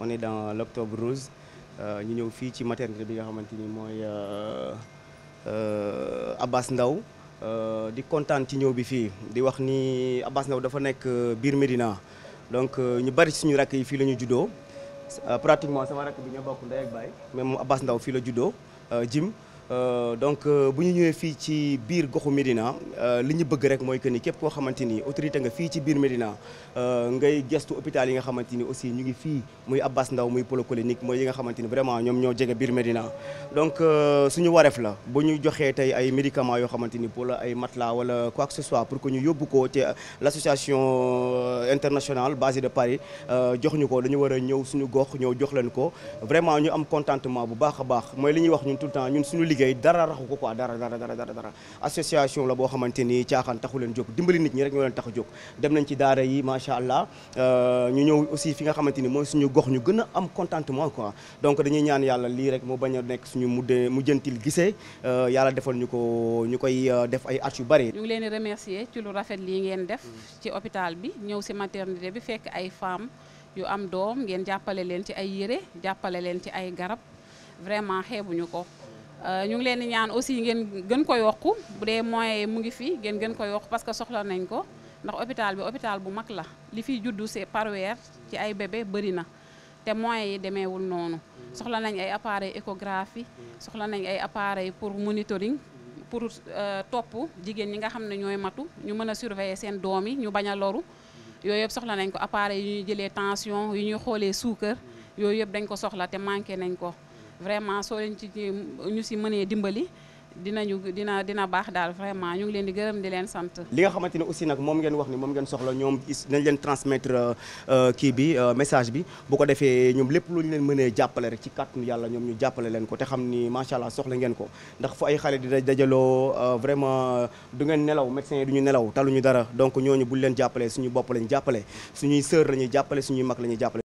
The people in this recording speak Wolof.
on est dans l'Octobre Rose euh, ñu ñëw fii ci maternité bi nga xamante ni mooy euh, euh, Abass Ndao di kontaan ci ñëw bi fii di wax nii Abass Ndao dafa nekk biir Médina donc ñu bari ci suñu rakk yi fii la ñu juddoo pratiquement sama rakk bi ñoo bokk ndey ak baay même Abass Ndao fii la juddoo Jim Euh, donc euh, bu ñu ñëwee fii ci biir goxu Médina euh, li ñu bëgg rek mooy que ni képp koo xamante ni autorité nga fii ci biir Médina ngay gestu hôpital yi nga xamante ni aussi ñu ngi fii muy Abbas ndaw muy pôle clinique mooy yi nga xamante ni vraiment ñoom ñoo jege biir Médina. donc suñu wareef la bu ñu joxee tey ay médicaments yoo xamante ni pour ay matelas wala quoi que ce soit pour que ñu yóbbu ko ci l' association internationale basée de Paris jox ñu ko dañu war a ñëw suñu gox ñëw jox leen ko ñu am contentement bu baax baax liggéey dara raxu ko quoi dara dara dara dara association la boo xamante ni caaxaan taxu leen jóg dimbali nit ñi rek ñoo leen tax a jóg dem nañ ci daara yi macha allah euh, ñu ñëw aussi fi nga xamante mooy suñu gox ñu gën a am contentement quoi donc dañuy ñaan yàlla lii rek moo bañ nekk suñu mujjee mujjantil gisee euh, yàlla defal ñu ko ñu koy euh, def ay at yu bari. ñu ngi leen remercier ci lu rafet li ngeen def ci hôpital bi ñëw si maternité bi fekk ay femmes yu am doom ngeen jàppale leen ci ay yére jàppale leen ci ay garab Euh, ñu ngi leen di ñaan aussi ngeen gën ko yokk bu dee mu ngi fi ngeen gën ko yokk parce que soxla nañ ko ndax hôpital bi hôpital bu mag la li fiy juddu c'est parweer ci ay bébé bëri na te moyens yi demeewul noonu soxla nañ ay appareil échographie soxla nañ ay appareil pour monitoring pour euh, topp jigéen ñi nga xam ne ñooy matu ñu mën a surveiller seen doom yi ñu bañ a loru yooyu yëpp soxla nañ ko appareil yi ñu jëlee tension yu ñuy xoolee suukar yooyu yëpp dañ ko soxla te manqué nañ ko vraiment soo leen ci ñu si mënee dimbali dinañu dina dina baax daal vraiment ñu ngi leen di gërëm di leen sant. li nga xamante ne aussi nag moom ngeen wax ni moom ngeen soxla ñoom nañ leen transmettre euh, euh, kii bi euh, message bi bu ko defee ñoom lépp lu ñu leen mënee jàppale rek ci kàttanu yàlla ñoom ñu jàppale leen ko te xam ni macha allah soxla ngeen ko ndax fu ay xale di dajaloo vraiment du ngeen nelaw médecin yi du ñu nelaw ñu dara donc ñooñu buñ leen jàppale suñu bopp lañu jàppale suñuy sœur la ñuy jàppale suñuy mag la ñuy jàppale.